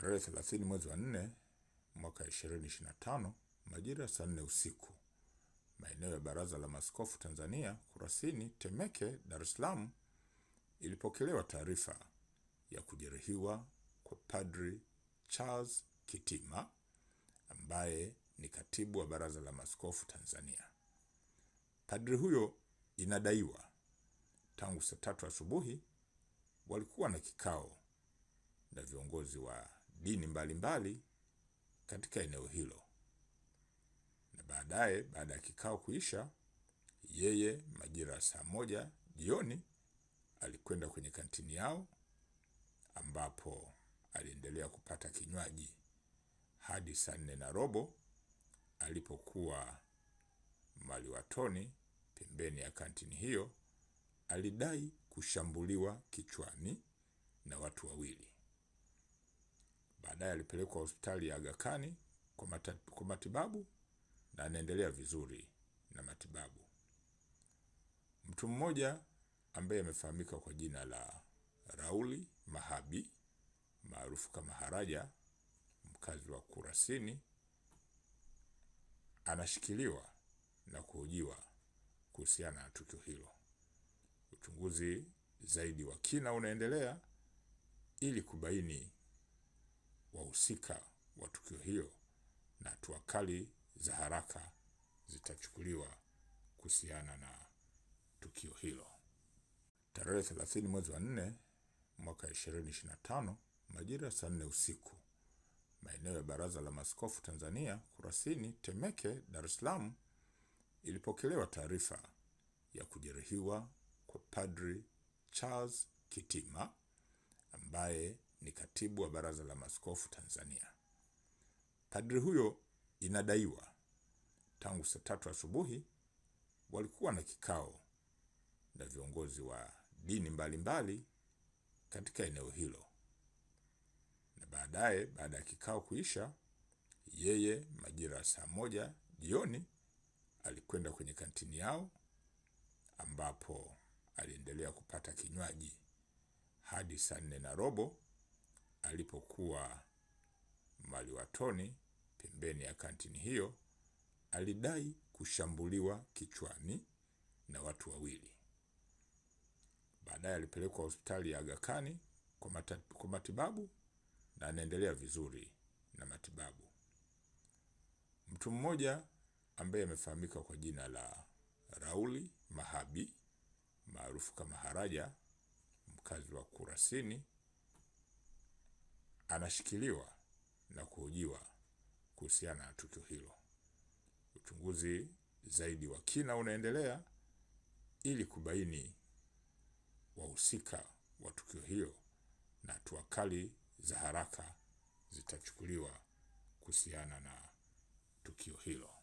tarehe 30 mwezi wa 4 mwaka 2025 majira ya saa nne usiku maeneo ya Baraza la Maaskofu Tanzania Kurasini, Temeke, Dar es Salaam ilipokelewa taarifa ya kujeruhiwa kwa Padri Charles Kitima ambaye ni katibu wa Baraza la Maaskofu Tanzania. Padri huyo inadaiwa tangu saa tatu asubuhi walikuwa na kikao na viongozi wa dini mbalimbali mbali katika eneo hilo, na baadaye, baada ya kikao kuisha, yeye majira ya saa moja jioni alikwenda kwenye kantini yao ambapo aliendelea kupata kinywaji hadi saa nne na robo alipokuwa maliwatoni pembeni ya kantini hiyo, alidai kushambuliwa kichwani na watu wawili. Baadaye alipelekwa hospitali ya Aga Khan kwa matibabu na anaendelea vizuri na matibabu. Mtu mmoja ambaye amefahamika kwa jina la Rauli Mahabi maarufu kama Haraja, mkazi wa Kurasini, anashikiliwa na kuhojiwa kuhusiana na tukio hilo. Uchunguzi zaidi wa kina unaendelea ili kubaini wahusika wa tukio hilo na hatua kali za haraka zitachukuliwa kuhusiana na tukio hilo. Tarehe 30 mwezi wa 4 mwaka 2025 majira saa nne usiku maeneo ya Baraza la Maaskofu Tanzania Kurasini, Temeke, Dar es Salaam ilipokelewa taarifa ya kujeruhiwa kwa Padri Charles Kitima ambaye ni katibu wa Baraza la maskofu Tanzania. Padri huyo inadaiwa tangu saa tatu asubuhi wa walikuwa na kikao na viongozi wa dini mbalimbali mbali katika eneo hilo, na baadaye, baada ya kikao kuisha, yeye majira ya saa moja jioni alikwenda kwenye kantini yao ambapo aliendelea kupata kinywaji hadi saa nne na robo alipokuwa maliwatoni pembeni ya kantini hiyo, alidai kushambuliwa kichwani na watu wawili. Baadaye alipelekwa hospitali ya gakani kwa matibabu na anaendelea vizuri na matibabu. Mtu mmoja ambaye amefahamika kwa jina la Rauli Mahabi maarufu kama Haraja, mkazi wa Kurasini anashikiliwa na kuhojiwa kuhusiana na tukio hilo. Uchunguzi zaidi wa kina unaendelea ili kubaini wahusika wa tukio hilo na hatua kali za haraka zitachukuliwa kuhusiana na tukio hilo.